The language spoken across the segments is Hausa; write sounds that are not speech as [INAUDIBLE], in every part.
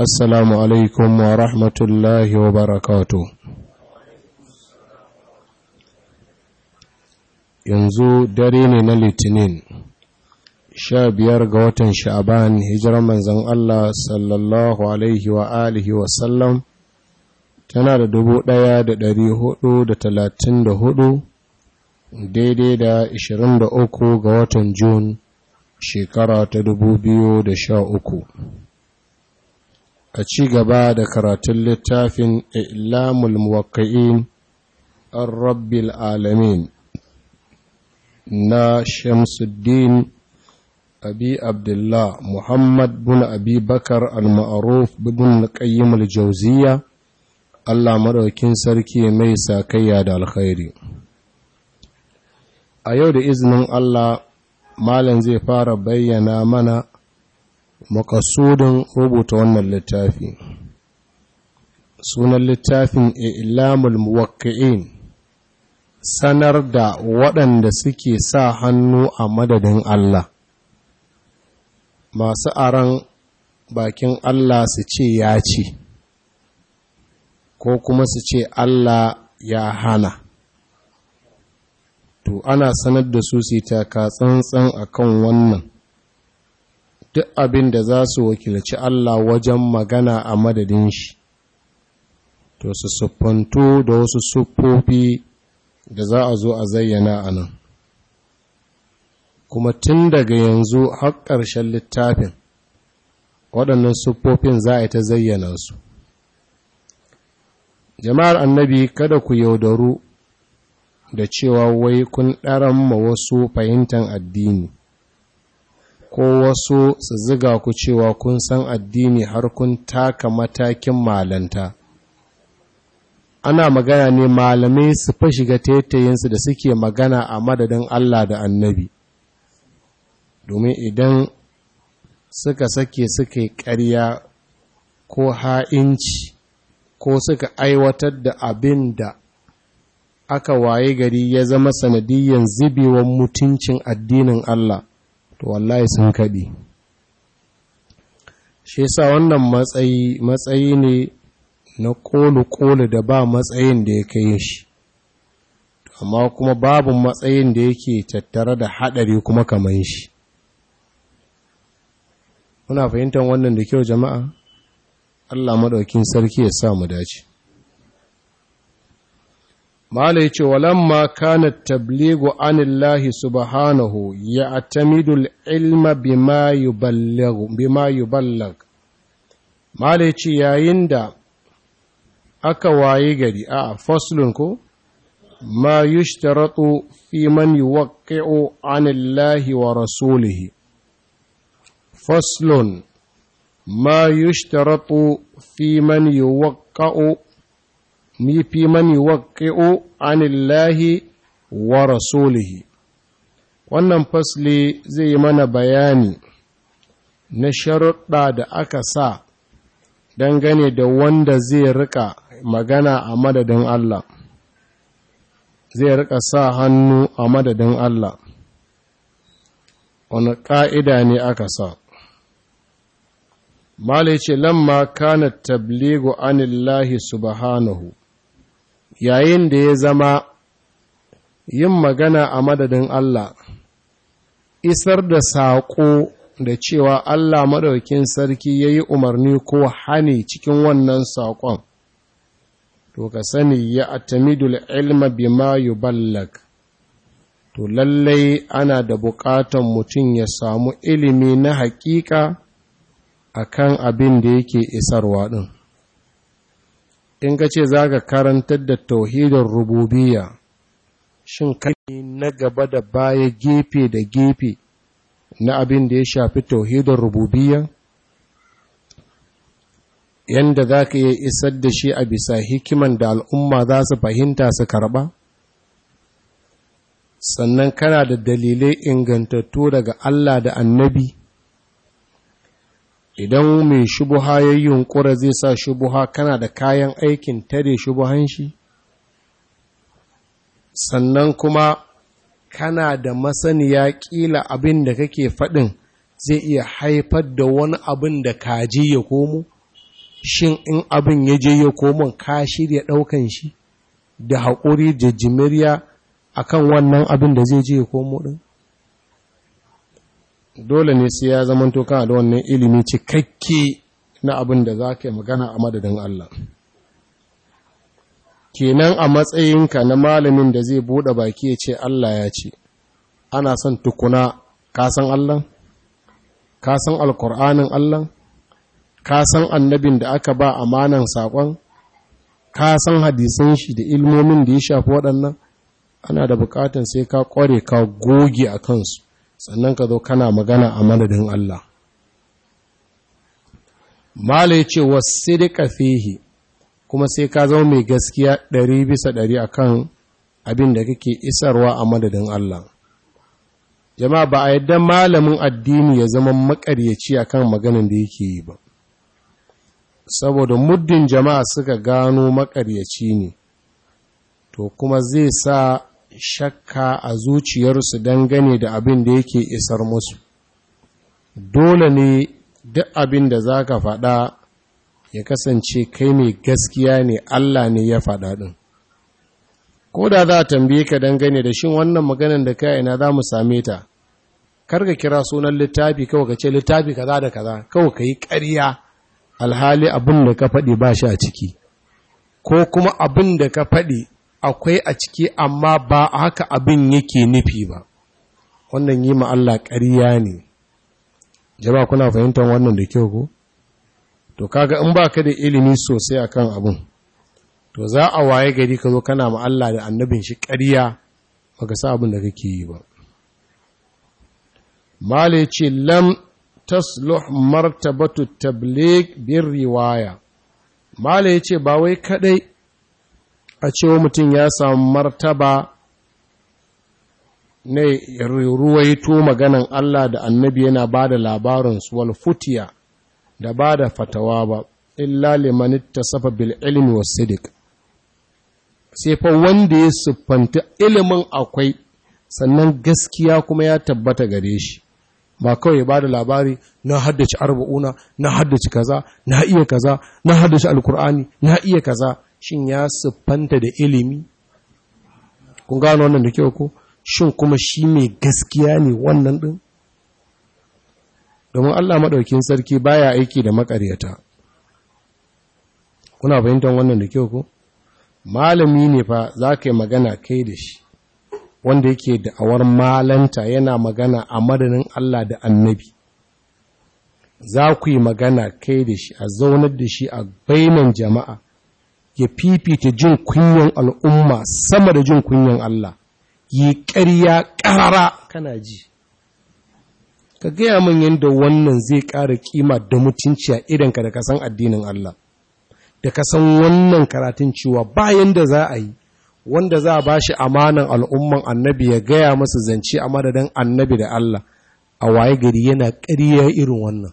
alaikum wa rahmatullahi wa barakatu yanzu dare ne na litinin sha biyar ga watan sha'aban hijirar manzan Allah sallallahu alaihi wa alihi tana da dubu ɗaya da ɗari hudu da talatin da hudu daidai da ashirin da uku ga watan jun shekara ta dubu biyu da sha uku a ci gaba da karatun littafin ilamul muwakka'in an rabbil alamin na shamsuddin abi abdullah muhammad bin abi bakar al-ma'aruf bin qayyim al-jawziya Allah madaukin sarki mai sakayya da alkhairi a yau da izinin Allah malam zai fara bayyana mana makasudin rubuta wannan littafi sunan littafin ilamul muwakki'in sanar da waɗanda suke sa hannu a madadin Allah masu aran bakin Allah su ce ya ce ko kuma su ce Allah ya hana to ana sanar da su sita ka tsantsan akan wannan duk abin da za su wakilci Allah wajen magana a madadin shi to su siffanto da wasu siffofi da za a zo a zayyana a nan kuma tun daga yanzu har ƙarshen littafin waɗannan siffofin za a yi ta zayyana su jama'ar annabi kada ku yaudaru da cewa wai kun ɗaran ma wasu fahimtar addini ko wasu su ziga ku cewa kun san addini har kun taka matakin malanta ana magana ne malamai su fa shiga taitayinsu da suke magana a madadin Allah da annabi domin idan suka sake suka yi ƙarya ko ha'inci ko suka aiwatar da abin da aka waye gari ya zama sanadiyyar zubewar mutuncin addinin Allah to wallahi sun kaɗi shi sa wannan matsayi matsayi ne na ƙolu-ƙolu da ba matsayin da ya kai shi amma kuma babu matsayin da yake tattare da haɗari kuma kamar shi muna fahimtar wannan da kyau jama'a Allah maɗaukin sarki ya sa mu dace Mala yace walamma kana tabligu anillahi subhanahu ya ilma bima yuballighu bima yuballag Mala yace yayin da aka waye gari a faslun ko ma yushtaratu fi man yuwaqqi'u anillahi wa rasulihi faslun ma yushtaratu fi man yuwaqqi'u ni fi mani waƙi'u anillahi wa rasulihi wannan fasli zai yi mana bayani na sharuɗa da aka sa dangane da wanda zai rika magana a madadin Allah zai rika sa hannu a madadin Allah wani ƙa'ida ne aka sa Mala ce, Lamma kana tabligu anillahi subhanahu, yayin da ya zama yin magana a madadin Allah isar da saƙo da cewa Allah maɗaukin sarki ya yi umarni ko hani cikin wannan saƙon, to ka sani ya atamidul ilma bima ballag to lallai ana da buƙatan mutum ya samu ilimi na haƙiƙa a kan abin da yake isarwa ɗin. in ka ce za ka karantar da tauhidin rububiya shin kai na gaba da baya gefe da gefe na abin da ya shafi tauhidin rububiya Yadda za ka iya isar da shi a bisa hikiman da al'umma za su fahimta su karɓa sannan kana da dalilai ingantattu daga Allah da annabi idan mai shubuha ya yi yunkura zai sa shubuha kana da kayan aikin tare shubuhan shi sannan kuma kana da masaniya kila abin da kake faɗin zai iya haifar da wani abin da kaji ya komo shin in abin ya je ya komo ka shirya ɗaukan shi da haƙuri da jimiriya kan wannan abin da zai je ya komo ɗin dole ne sai ya zamanto kana da wannan ilimi cikakke na abin da za ka yi magana a madadin Allah kenan a matsayinka na malamin da zai buɗe baki ya ce Allah ya ce ana son tukuna ka san Allah ka san alkur'anin Allah ka san annabin da aka ba amanan saƙon ka san hadisan shi da ilmomin da ya shafi waɗannan ana da buƙatar sai ka ƙware ka goge a kansu sannan ka zo kana magana a madadin Allah mala ya ce wasu duka fihi kuma sai ka zama mai gaskiya ɗari bisa ɗari a kan abin da kake isarwa a madadin Allah jama'a ba a yadda malamin addini ya zama maƙaryaci a kan maganin da yake yi ba saboda muddin jama'a suka gano maƙaryaci ne to kuma zai sa shakka a zuciyarsu dangane da abin da yake isar musu dole ne duk abin da za ka faɗa ya kasance kai mai gaskiya ne Allah ne ya faɗa ɗin ko da za a tambaye ka dangane da shin wannan maganan da kai ina za mu same ta kar ka kira sunan littafi kawai ka ce littafi kaza da kaza kawai ka yi ƙarya alhali abin da ka faɗi ba shi a ciki ko kuma abin da ka faɗi akwai a ciki amma ba haka abin yake nufi ba wannan yi ma Allah ƙarya ne jama kuna fahimtar wannan da kyau ko to kaga in baka da ilimi sosai akan abin to za a waye gari ka zo kana ma Allah da annabin shi ƙarya baka sa abin da kake yi ba mala ce lam tasluh martabatu tabligh bir riwaya mala yace ba wai kadai a cewa mutum ya samu martaba na ruwaito maganan Allah da annabi yana ba da labarinsu wal futiya da ba da fatawa ba illa liman ittasafa bil ilmi was sai fa wanda ya siffanta ilimin akwai sannan gaskiya kuma ya tabbata gare shi ba kawai ya da labari na haddace arba'una na haddace kaza na iya kaza na haddace alkur'ani na iya kaza shin ya siffanta da ilimi kun gano wannan da kyau ko shin kuma shi mai gaskiya ne wannan din domin Allah maɗaukin sarki baya aiki da makaryata kuna fahimtar wannan da kyau ko malami ne fa za ka yi magana kai da shi wanda yake da'awar malanta yana magana a madadin Allah da annabi za ku yi magana kai da shi a zaunar da shi a bainan jama'a ya fifita jin kunyan al'umma sama da jin kunyan Allah yi ƙarya ƙarara kana ji ka gaya min yadda wannan zai ƙara kima da mutunci a idanka da kasan addinin Allah da kasan wannan karatun cewa bayan da za a yi wanda za a bashi amanan al'umman annabi ya gaya masa zance a madadin annabi da Allah a waye gari yana ƙarya irin wannan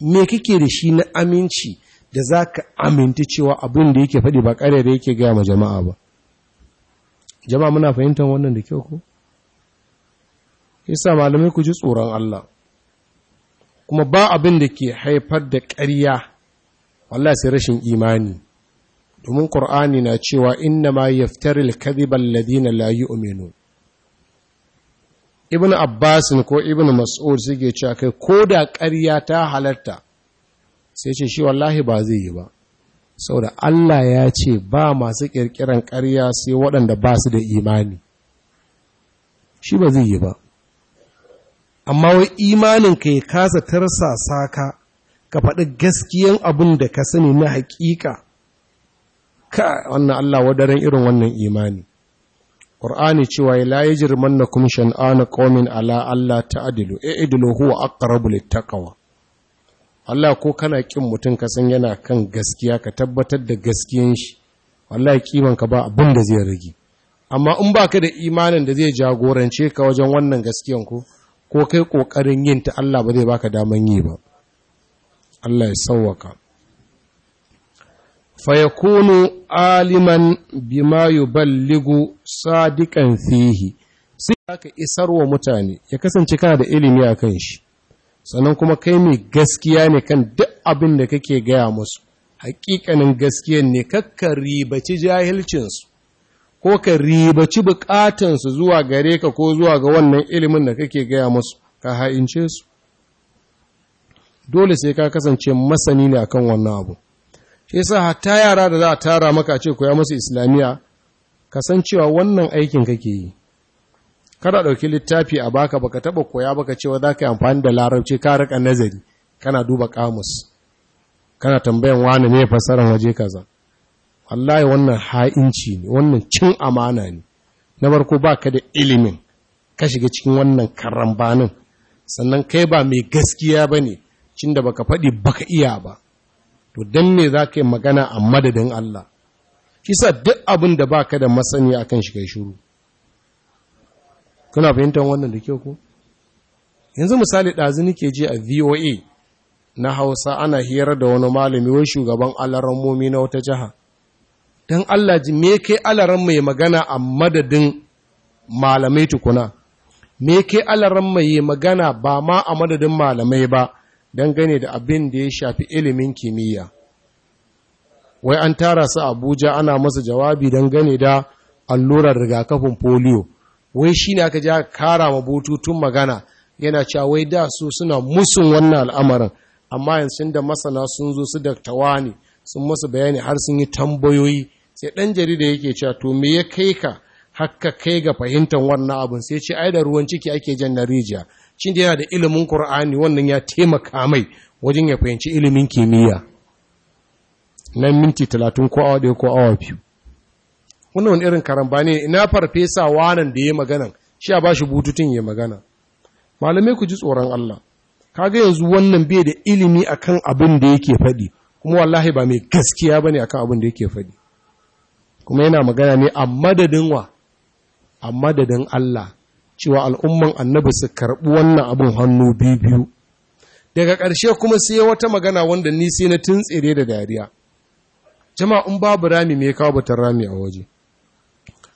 me kike da shi na aminci da za ka aminta cewa abin da yake faɗi ba da yake gaya ma jama'a ba jama'a muna fahimtar wannan da kyau ko isa malamai ku ji tsoron Allah kuma ba abin da ke haifar da ƙarya wallah sai rashin imani domin ƙur'ani na cewa inna ma yaftaril kadhiba alladhina layi yu'minun ibn Abbas ko ibn Mas'ud suke cewa kai ko da ƙarya ta halarta sai ce shi wallahi ba zai yi ba saboda Allah ya ce ba masu kirkiran ƙarya sai waɗanda ba su da imani shi ba zai yi ba amma wai imanin ka ya kasa tarsasa ka ka faɗi gaskiyan abin da ka sani na haƙiƙa. ka wannan Allah wadaren irin wannan imani ƙur'ani cewa la yajrimannakum shan'anu qaumin ala adilu ta'dilu i'dilu huwa aqrabu littaqwa Allah ko kana kin mutum ka san yana kan gaskiya ka tabbatar da gaskiyan shi wallahi kiman ka ba abin da zai rage amma in baka da imanin da zai jagorance ka wajen wannan gaskiyan ko ko kai kokarin yin ta Allah ba zai baka daman yi ba Allah ya fa fayakunu aliman bima yuballigu sadiqan fihi sai ka isarwa mutane ya kasance kana da ilimi akan shi sannan kuma kai mai gaskiya ne kan duk abin da kake gaya musu hakikanin gaskiya ne kakka ribaci jahilcinsu ko ka ribaci bukatansu zuwa gare ka ko zuwa ga wannan ilimin da kake gaya musu ka ha'ince su dole sai ka kasance masani ne akan wannan abu shi yasa hatta yara da za a tara maka ce ku ya musu islamiya kasancewa wannan aikin kake yi kada ɗauki littafi a baka baka taɓa koya baka cewa za ka yi amfani da larabci ka rika nazari kana duba kamus kana tambayan wani ne fasaran waje kaza wallahi wannan ha'inci ne wannan cin amana ne na farko baka da ilimin ka shiga cikin wannan karambanin sannan kai ba mai gaskiya ba ne cin da baka faɗi baka iya ba to dan ne za ka yi magana a madadin Allah kisa duk abin da baka da masani akan shi shuru shiru kuna fahimtar wannan da kyau ko yanzu misali ɗazu nike ji a voa na hausa ana hirar da wani malami wai shugaban alarammomi na wata jiha don allah ji me kai alaran mai magana a madadin malamai tukuna me kai alaran mai magana ba ma a madadin malamai ba don gane da abin da ya shafi ilimin kimiyya wai an tara su abuja ana masa jawabi don gane da allurar rigakafin polio wai shi ne aka ja kara wa bututun magana yana cewa wai da su suna musun wannan al'amarin amma yanzu da masana sun zo su da tawani sun masu bayani har sun yi tambayoyi sai ɗan jarida yake cewa to me ya kai ka hakka kai ga fahimtar wannan abin sai ce ai da ruwan ciki ake jan na rijiya shi da yana da ilimin qur'ani wannan ya taimaka mai wajen ya fahimci ilimin kimiyya nan minti talatin ko awa ɗaya ko awa biyu wannan wani irin karamba ne ina farfesa wanan da ya magana shi a bashi bututun ya magana malamai ku ji tsoron Allah kaga yanzu wannan bai da ilimi akan abin da yake faɗi kuma wallahi ba mai gaskiya bane akan abin da yake faɗi kuma yana magana ne a madadin wa a madadin Allah cewa al'umman annabi su karɓi wannan abin hannu biyu biyu daga ƙarshe kuma sai wata magana wanda ni sai na tuntsire da dariya jama'a in babu rami me kawo batar rami a waje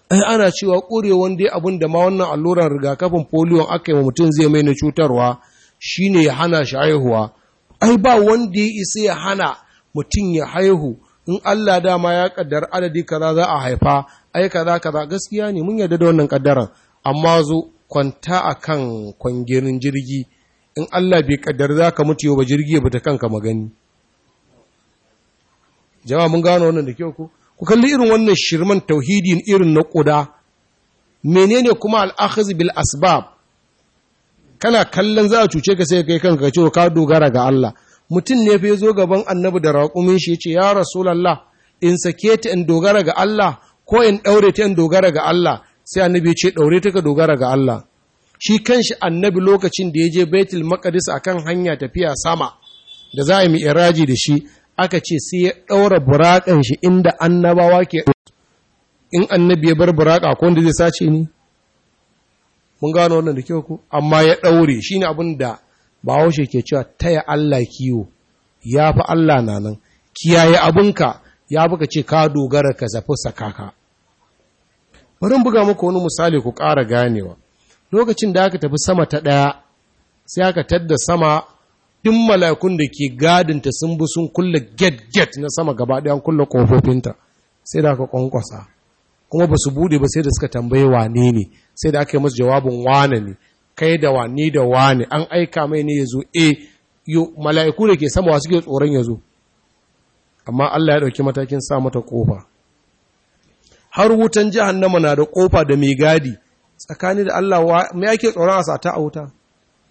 Ai eh, ana cewa ƙurewan dai abin da ma wannan alluran rigakafin polio aka yi wa mutum zai mai na cutarwa shine ya hana shi haihuwa ai ba wanda ya isa ya hana mutum ya haihu in Allah dama ya kaddar adadi kaza za a haifa ai kaza kaza gaskiya ne mun yarda da wannan kaddaran amma zo kwanta kan kwangirin jirgi in Allah bai kaddar za ka mutu yau ba jirgi ya bata kanka magani jama'a mun gano wannan da kyau ko ku kalli irin wannan shirman tauhidi irin na ƙuda menene kuma al'akhiz bil asbab kana kallon za a cuce ka sai kai kanka cewa oh, ka dogara ga Allah mutum ne fa zo gaban annabi da raƙumin shi ce ya rasu rasulullah in sake ta in dogara ga Allah ko in ɗaure ta in dogara ga Allah sai annabi ce ɗaure ta ka dogara ga Allah shi kanshi annabi lokacin da ya je baitul maqdis akan hanya tafiya sama da za a yi mi'raji da shi aka ce sai ya ɗaura buraƙan shi inda annabawa ke in annabi ya bar buraƙa ko wanda zai sace ni mun gano wannan da kyau ku amma ya ɗaure shi ne abin da bahaushe ke cewa taya Allah kiwo ya fi Allah na nan kiyaye abinka ya buka ce ka dogara ka zafi sakaka bari buga muku wani misali ku ƙara ganewa lokacin da aka tafi sama ta ɗaya sai aka tadda sama duk malakun da ke gadinta sun bi sun kulle get-get na sama gaba ɗayan kulle ƙofofinta sai da aka ƙwanƙwasa kuma ba su buɗe ba sai da suka tambaye wane ne sai da aka yi masu jawabin wane ne kai da wane da wane an aika mai ne ya zo e yo mala'iku da ke sama suke tsoron ya zo amma Allah ya ɗauki matakin sa mata ƙofa har wutan jahannama na da ƙofa da mai gadi tsakani da Allah me yake tsoron a sata a wuta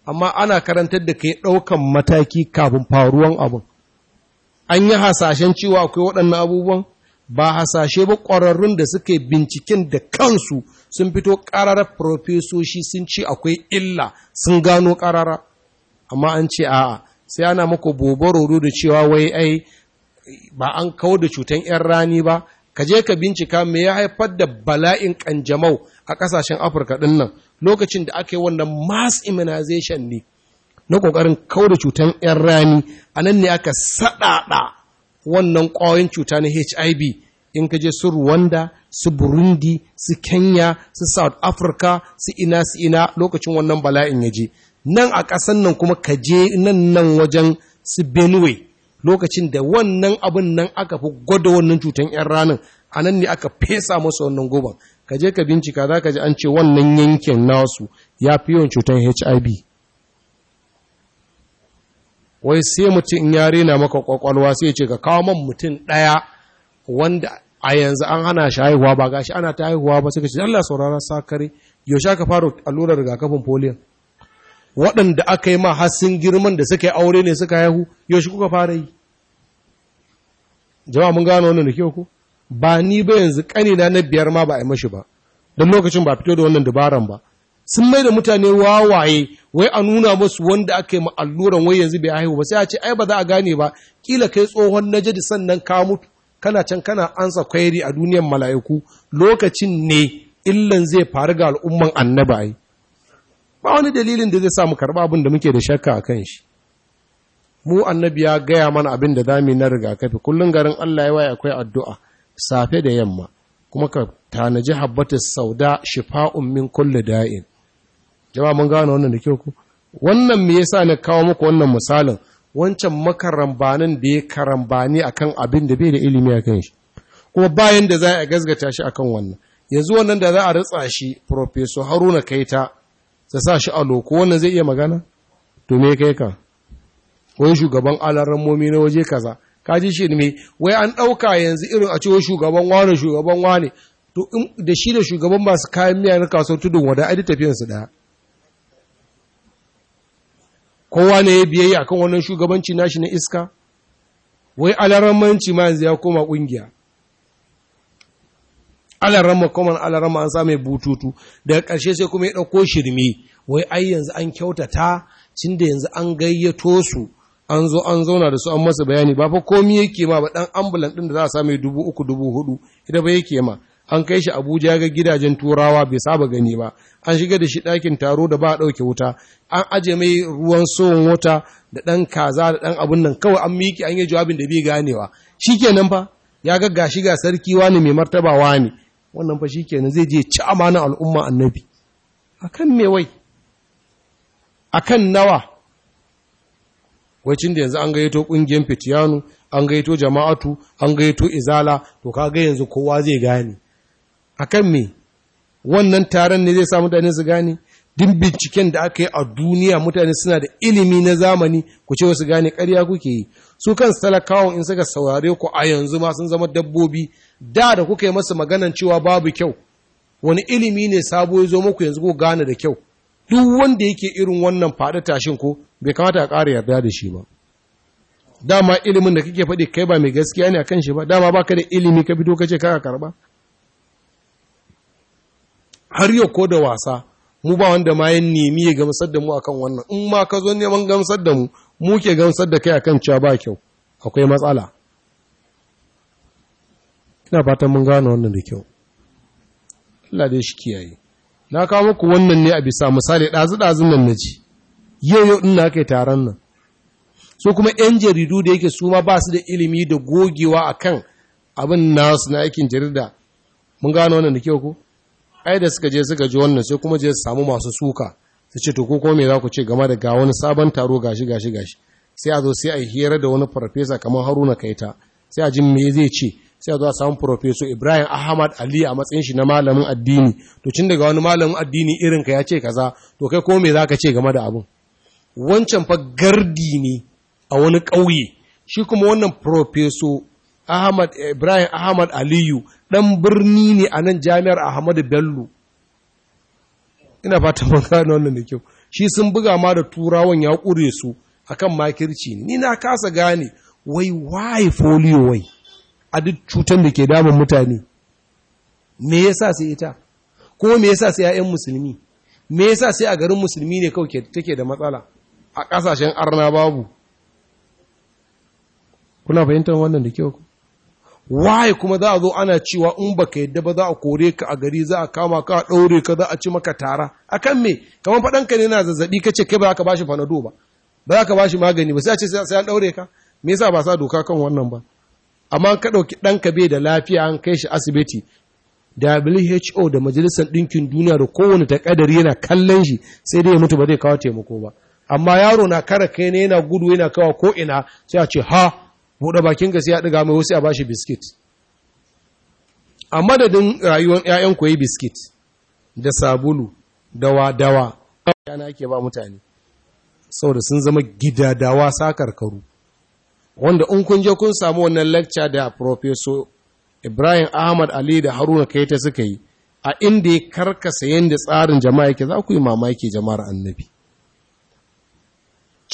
amma ana karantar da kai ɗaukan mataki kafin faruwan abin an yi hasashen cewa akwai waɗannan abubuwan ba hasashe ba ƙwararrun da suke binciken da kansu sun fito ƙarara profesoshi sun ce akwai illa sun gano ƙarara amma an ce a'a sai ana mako bobaroro da cewa wai ai ba an kawo da cutan 'yan rani ba ka je ka bincika me ya haifar da bala'in ƙanjamau a ƙasashen afirka ɗin nan lokacin da aka yi wannan mass immunization ne na ƙoƙarin kauda cutar 'yan rani a nan ne aka saɗaɗa wannan ƙwayoyin cuta na hiv in ka je su Rwanda, su Burundi, su Kenya, su South Africa, su ina su ina lokacin wannan bala'in ya je. Nan a ƙasan nan kuma ka je nan nan wajen su Benue lokacin da wannan abin nan aka fi gwada wannan cutar 'yan ranin a nan ne aka fesa masu wannan goban. ka je ka bincika za ka ji an ce wannan yankin nasu ya fi yawan cutar hiv wai sai mutum in yare na maka kwakwalwa sai ce ka kawo man mutum ɗaya wanda a yanzu an hana shi haihuwa ba gashi ana ta haihuwa ba suka ce Allah sauraron sakare yaushe aka fara allurar rigakafin polio waɗanda aka yi ma hassin girman da suka yi aure ne suka haihu yaushe kuka fara yi jama'a mun gano wannan da kyau ku ba ni ba yanzu ƙanina na biyar ma ba a yi mashi ba don lokacin ba fito da wannan dabaran ba sun mai da mutane wawaye wai a nuna musu wanda aka yi ma alluran wai yanzu bai haihu ba sai a ce ai ba za a gane ba kila kai tsohon na jadi sannan ka mutu kana can kana ansa kwairi a duniyar mala'iku lokacin ne illan zai faru ga al'umman annaba ai ba wani dalilin da zai sa mu karɓa abin da muke da shakka a kan shi mu annabi ya gaya mana abin da zamu na rigakafi kullum garin Allah ya wai akwai addu'a safe da yamma kuma ka tanaji habbata sauda shifa'un min kulli da'in jama mun gano wannan da kyau ku wannan me yasa na kawo muku wannan misalin wancan makarambanin da ya karambani akan abin da bai da ilimi a kan shi kuma bayan da za a gazgata shi akan wannan yanzu wannan da za a ritsa shi professor Haruna Kaita ta sa shi a loko wannan zai iya magana to me kai ka wai shugaban alaran momi na waje kaza ka ji shi ne wai an ɗauka yanzu irin a cewa shugaban wane shugaban wane to da shi da shugaban masu kayan miya na kasuwar tudun wada ai su ɗaya kowa ne ya biyayya kan wannan shugabanci nashi na iska wai alaramanci ma yanzu ya koma ƙungiya alarama kuma alarama an samu bututu daga ƙarshe sai kuma ya ɗauko shirme wai ai yanzu an kyautata tun da yanzu an gayyato su an zo an zauna da su an masa bayani ba fa komi yake ma ba dan ambulan din da za a same dubu uku dubu hudu ita ba yake ma an kai shi Abuja ga gidajen turawa bai saba gani ba an shiga da shi ɗakin taro da ba a ɗauke wuta an aje mai ruwan sowan wuta da ɗan kaza da ɗan abun nan kawai an miki an yi jawabin da bai ganewa shikenan fa ya ga gashi ga sarki wani mai martaba wani wannan fa shikenan zai je ci amanan al'umma annabi akan me wai akan nawa wacin da yanzu an gayyato ƙungiyar fitiyanu an gayyato jama'atu an gayyato izala to ka ga yanzu kowa zai gane kan me wannan taron ne zai sa mutane su gane din binciken da aka yi a duniya mutane suna da ilimi na zamani ku ce wasu gane karya kuke yi su kan talakawan in suka saurare ku a yanzu ma sun zama dabbobi da da kuka yi masa maganan cewa babu kyau wani ilimi ne sabo ya zo muku yanzu ko gane da kyau duk wanda yake irin wannan faɗi tashin ko bai kamata a ƙara yarda da shi ba dama ilimin da kake faɗi kai ba mai gaskiya ne a kan shi ba dama ba ka da ilimi ka fito ka ce kaka karba har yau ko da wasa mu ba wanda ma ya nemi ya gamsar da mu akan wannan in ma ka zo neman gamsar da mu mu ke gamsar da kai akan cewa ba kyau akwai matsala ina fatan mun gane wannan da kyau Allah dai shi kiyaye na kawo muku wannan ne a bisa misali ɗazu-ɗazun nan na ji yau yau ɗin yi taron nan so kuma 'yan jaridu da yake su ma ba su da ilimi da gogewa a kan abin nasu na aikin jarida mun gano wannan da kyau ko ai da suka je suka ji wannan sai kuma je su samu masu suka su ce to ko me za ku ce game da ga wani sabon taro gashi gashi gashi sai a zo sai a hira da wani farfesa kamar Haruna Kaita sai a ji me zai ce sai a zo a samu farfesa Ibrahim Ahmad Ali a matsayin shi na malamin addini to cin daga wani malamin addini irin ka ya ce kaza to kai ko me ka ce game da abin. wancan fa gardi ne a wani ƙauye shi kuma wannan profeso Ahmad Ibrahim Ahmad Aliyu ɗan birni ne a nan jami'ar Ahmadu Bello ina fata mun gane wannan da kyau shi sun buga ma da turawan ya ƙure su akan makirci ne ni na kasa gane wai wai folio wai a duk cutar da ke damun mutane me yasa sai ita ko me yasa sai 'ya'yan musulmi me yasa sai a garin musulmi ne kawai take da matsala a ƙasashen arna babu kuna fahimtar wannan da kyau waye kuma za a zo ana cewa in baka yadda ba za a kore ka a gari za a kama ka a ɗaure ka za a ci maka tara A kan me kamar faɗanka ne na zazzaɓi ka ce kai ba za ka ba shi fanado ba ba za ka ba shi magani ba sai a ce sai an ɗaure ka me yasa ba sa doka kan wannan ba amma ka ɗauki ɗanka bai da lafiya an kai shi asibiti WHO da Majalisar Ɗinkin Duniya da kowane takadari yana kallon shi sai dai ya mutu ba zai kawo taimako ba amma yaro na kara kai ne yana gudu yana kawa ko ina sai a ce ha buɗe bakin ka ya ɗiga mai wasu ba shi biskit a madadin rayuwar 'ya'yan ku yi biskit da sabulu dawa dawa yana ake ba mutane saboda sun zama gidadawa sakarkaru wanda in kun je kun samu wannan lecture da professor Ibrahim Ahmad Ali da Haruna kai ta suka yi a inda ya karkasa yadda tsarin jama'a yake za ku yi mamaki jama'ar annabi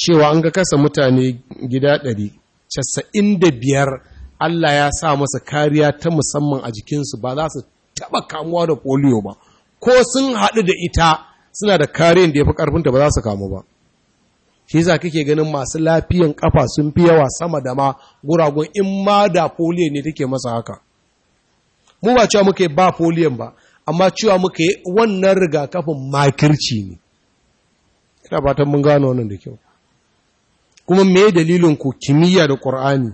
cewa an ga kasa mutane gida ɗari casa'in da biyar Allah ya sa masa kariya ta musamman a jikinsu ba za su taɓa kamuwa da polio ba ko sun haɗu da ita suna da kariyar da ya fi ƙarfinta ba za su kamu ba shi za kake ganin masu lafiyan ƙafa sun fi yawa sama da ma guragun in ma da polio ne take masa haka mu ba cewa muka ba foliyon ba amma cewa muka yi wannan rigakafin makirci ne ina fatan mun gano wannan da kyau kuma me dalilin ku kimiyya da ƙur'ani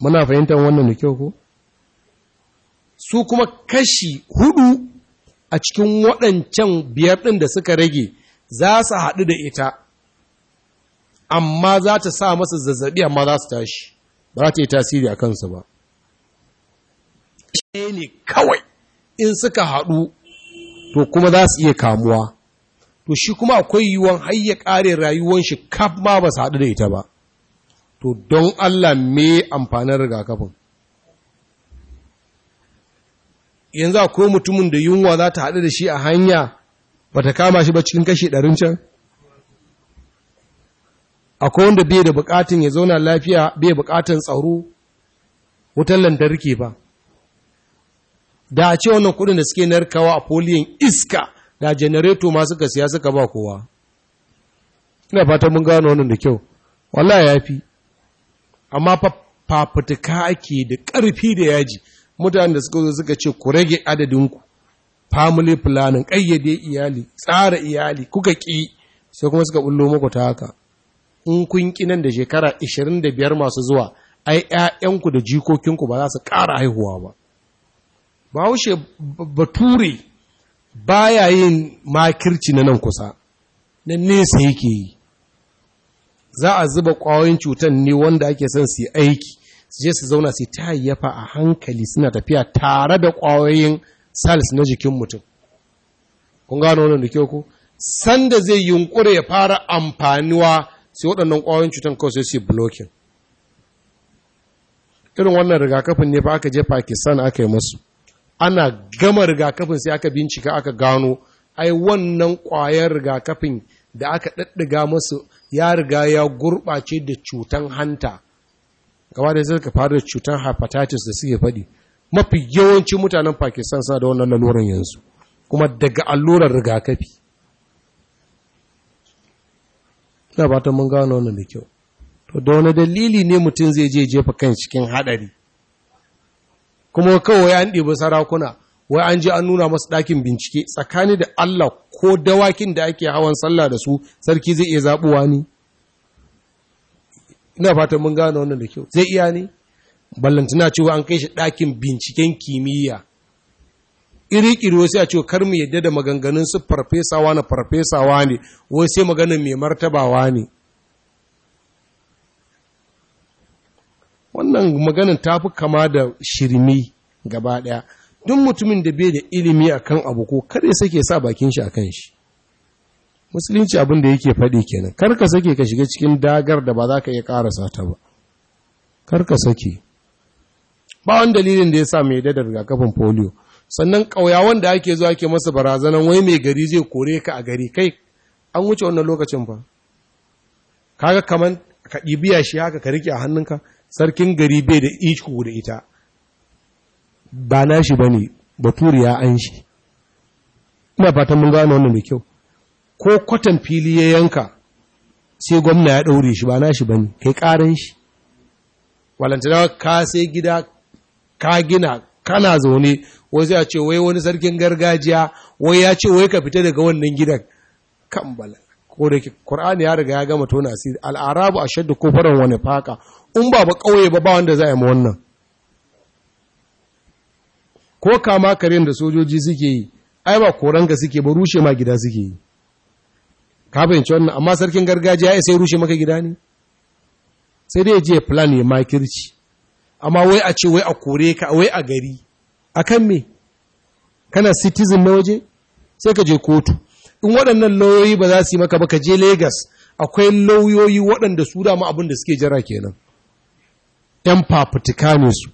muna fahimtar wannan da kyau ko su kuma kashi hudu a cikin waɗancan biyar ɗin da suka rage za su haɗu da ita amma za ta sa masa zazzaɓi amma za su tashi ba ta yi tasiri a kansu ba ne kawai in suka haɗu to kuma za su iya kamuwa to shi kuma akwai yiwuwan har ya ƙare rayuwan shi kaf ma ba su haɗu da ita ba to don Allah me amfanin rigakafin yanzu akwai mutumin da yunwa za ta haɗu da shi a hanya ba ta kama shi ba cikin kashe ɗarin can akwai wanda bai da buƙatun ya zauna lafiya bai buƙatun tsaro wutar lantarki ba da a ce wannan kuɗin da suke narkawa a foliyan iska da janareto ma suka siya suka ba kowa ina fata mun gano wannan da kyau wallahi fi. amma fa fafutuka ake da ƙarfi da yaji mutane da suka zo suka ce ku rage adadinku family planning ƙayyade iyali tsara iyali kuka ƙi sai kuma suka bullo muku ta haka in kun nan da shekara 25 masu zuwa ai ‘ya'yanku da jikokinku ba za su ƙara haihuwa ba. Ba Bahaushe bature Ba ya yin makirci na nan kusa na nesa yake yi za a zuba ƙwayoyin cutar ne wanda ake son su yi aiki su je su zauna su ta hayyafa a hankali suna tafiya tare da ƙwayoyin sals na jikin mutum kun gano wannan da kyau ku sanda zai yunkure ya fara amfaniwa sai waɗannan ƙwayoyin cutar kawai sai su blocking irin wannan rigakafin ne fa aka je Pakistan aka yi masu ana gama rigakafin sai aka bincika aka gano ai wannan ƙwayar rigakafin da aka ɗaɗɗiga masu ya riga ya gurɓace da cutan hanta gaba da zai ka fara da cutan hepatitis da suke faɗi mafi yawancin mutanen pakistan suna da wannan lalurar yanzu kuma daga allurar rigakafi na ba ta mun gano wannan da kyau to da wani dalili ne mutum zai je jefa kan cikin haɗari kuma kawai an ɗibi sarakuna wai an je an nuna masu ɗakin bincike tsakani da Allah ko dawakin da ake hawan sallah da su sarki zai iya zaɓuwa ne ina fatan mun gane wannan da kyau zai iya ne ballantana cewa an kai shi ɗakin binciken kimiyya iri wasu ya ce kar mu yadda da maganganun su farfesawa na farfesawa ne wai sai maganin mai martabawa ne wannan maganin ta fi kama da shirmi gaba ɗaya duk mutumin da bai da ilimi akan abu ko kada sake sa bakin shi a kan shi musulunci abin da yake faɗi kenan kar sake ka shiga cikin dagar da ba za ka iya ƙarasa ta ba kar ka sake ba wani dalilin da ya sa mai dadar rigakafin polio sannan ƙauyawan da ake zuwa ke masa barazanar wai mai gari zai kore ka a gari kai an wuce wannan lokacin ba kaga kaman ka ɗibiya shi haka ka rike a hannunka sarkin gari bai da iku da ita ba na shi ba ne baturi ya an shi ina fatan mun gano wannan da kyau ko kwatan fili ya yanka sai gwamna ya ɗaure shi ba na shi ba ne kai ƙaran shi walantana ka sai gida ka gina kana zaune wai sai a ce wai wani sarkin gargajiya wai ya ce wai ka fita daga wannan gidan kan bala ko da ya riga ya gama tona asiri a shadda ko faran wani faƙa. in ba ba ƙauye ba ba wanda za a yi ma wannan ko kama karin da sojoji suke yi ai ba koran ga suke ba rushe ma gida suke yi ka fahimci wannan amma sarkin gargajiya ya sai rushe maka gida ne sai dai je plan ya makirci amma wai a ce wai a kore ka wai a gari A kan me kana citizen na waje sai ka je kotu in waɗannan lauyoyi ba za su yi maka ba ka je Legas akwai lauyoyi waɗanda su dama abin da suke jira kenan ‘yan fafutuka ne su,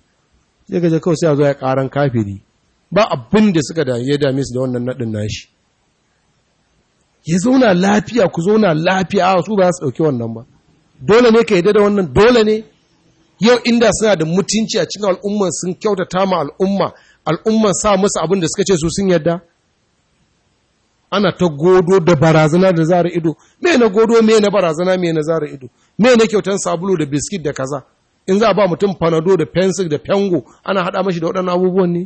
zai gaje kawai sai a zo ya ƙaran kafiri, ba abin da suka da ya dame da wannan naɗin nashi. Ya zauna lafiya, ku zauna lafiya a su ba su ɗauki wannan ba. Dole ne ka yadda da wannan, dole ne. Yau inda suna da mutunci a cikin al'umman sun kyautata ma al'umma, al'umman sa musu abin da suka ce su sun yadda. ana ta godo da barazana da zara ido me na godo me na barazana me na zara ido me na kyautan sabulu da biskit da kaza in za a ba mutum panado da pensil da pengo ana haɗa mashi da waɗannan abubuwan ne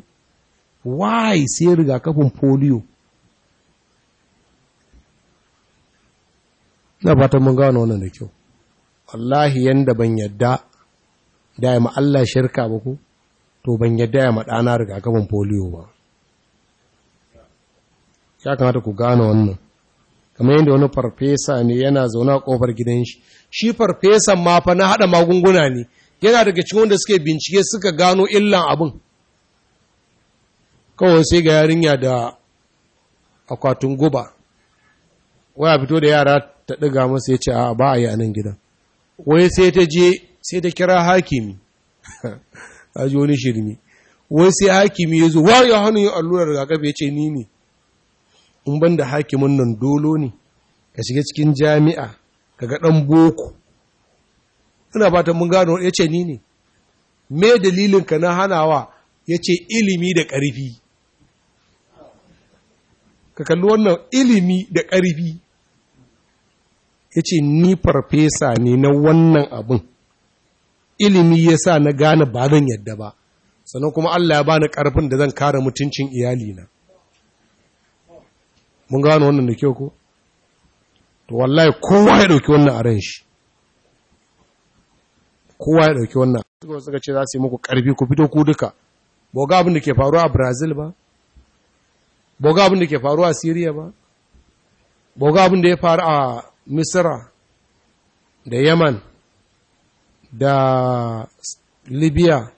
why sai rigakafin polio na fatan mun gano wannan da kyau wallahi yanda ban yadda da ya Allah shirka ba ku to ban yadda ya maɗana rigakafin polio ba ya kamata ku gano wannan kamar yadda wani farfesa ne yana zaune a ƙofar gidan shi shi farfesan ma fa na haɗa magunguna ne yana daga cikin wanda suke bincike suka gano illan abin kawai sai ga yarinya da akwatin guba waya fito da yara ta ɗiga masa ya ce a ba a yi a nan gidan wai sai ta je sai ta kira hakimi [LAUGHS] a ji wani shirmi wai sai hakimi ya zo wa ya yin allurar rigakafi ya ce ni ne in ban da hakimin nan dolo ne ka shiga cikin jami'a ka ga ɗan boko ina ba ta mun gano ya ce ni ne me dalilinka na hanawa ya ce ilimi da ƙarfi ka kalli wannan ilimi da ƙarfi ya ce ni farfesa ne na wannan abin ilimi ya sa na gane ba zan yadda ba sannan kuma Allah ya bani ƙarfin da zan kare mutuncin iyalina mun gano wannan da kyau ko to wallahi kowa ya ɗauki wannan a ran shi kowa ya ɗauki wannan suka suka ce za su yi muku karfi ku fito ku duka boga abin da ke faruwa a Brazil ba boga abin da ke faruwa a Syria ba boga abin da ya faru a Misra da Yaman da Libya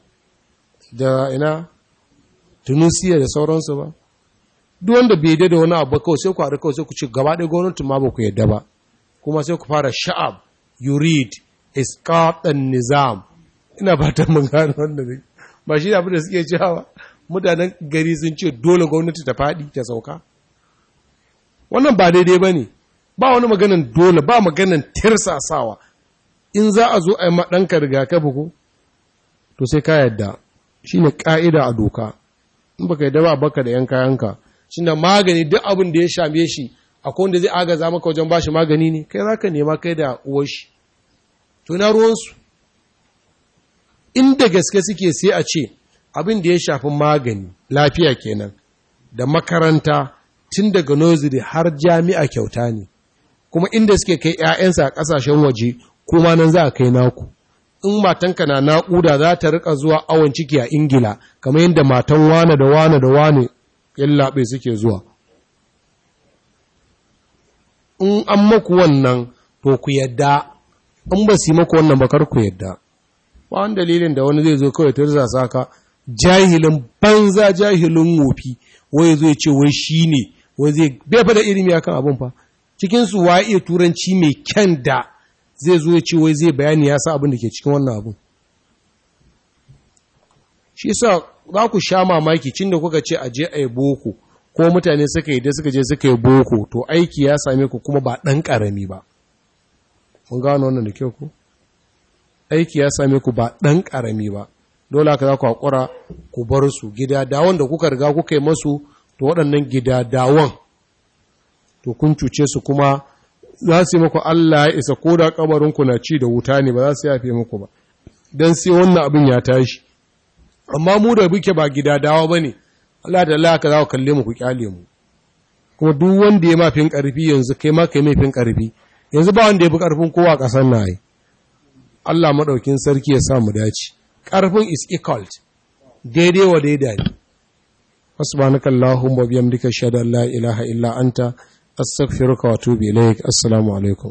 da ina Tunisia da sauransu ba duk wanda bai yadda wani abu kawai sai ku haɗu kawai sai ku ci gaba ɗaya gwamnatin ma ba ku yadda ba kuma sai ku fara sha'ab yurid iskatan nizam ina ba ta mun gano wanda ne ba shi abin da suke cewa mutanen gari sun ce dole gwamnati ta faɗi ta sauka wannan ba daidai ba ne ba wani maganin dole ba maganan tirsasawa in za a zo a yi maɗanka rigakafi ko to sai ka yadda shi ne ƙa'ida a doka in baka yadda ba baka da yan kayanka shi na magani duk abin da ya shame shi akwai wanda zai agaza maka wajen ba shi magani ne kai za ka nema kai da uwar shi to ruwansu inda gaske suke sai a ce abin da ya shafi magani lafiya kenan da makaranta tun daga nursery har jami'a kyauta ne kuma inda suke kai 'ya'yansa a ƙasashen waje kuma nan za a kai naku in matanka na naƙuda za ta rika zuwa awon ciki a ingila kamar yadda matan wane da wane da wane yallaɓe suke zuwa in an maku wannan to ku yadda in ba su yi maka wannan bakar ku yadda ba wani dalilin da wani zai zo kawai turza saka jahilin banza jahilin wofi wai zai ce wai shi ne wai zai bai fada ilimi akan abin fa cikin su wa iya turanci mai kyan da zai zo ya ce wai zai bayani ya sa abin da ke cikin wannan abin shi sa za ku sha mamaki cin da kuka ce a je a yi boko ko mutane suka yi da suka je suka yi boko to aiki ya same ku kuma ba ɗan ƙarami ba mun gano wannan da kyau ku aiki ya same ku ba ɗan karami ba dole aka za ku haƙura ku bar su gida dawon da kuka riga kuka yi masu to waɗannan gida dawon to kun cuce su kuma za su yi muku Allah ya isa ko da kamarinku na ci da wuta ne ba za su yafe muku ba don sai wannan abin ya tashi amma mu da muke ba gida dawa ba ne Allah da Allah ka za ku kalle mu ku kyale mu kuma duk wanda ya mafin karfi yanzu kai ma kai mafin karfi yanzu ba wanda ya fi ƙarfin kowa a ƙasar na yi Allah maɗaukin sarki ya sa mu dace ƙarfin is equal daidai wa daidai wasbanaka Allahumma biyamdika shada la ilaha illa anta astaghfiruka wa atubu assalamu alaikum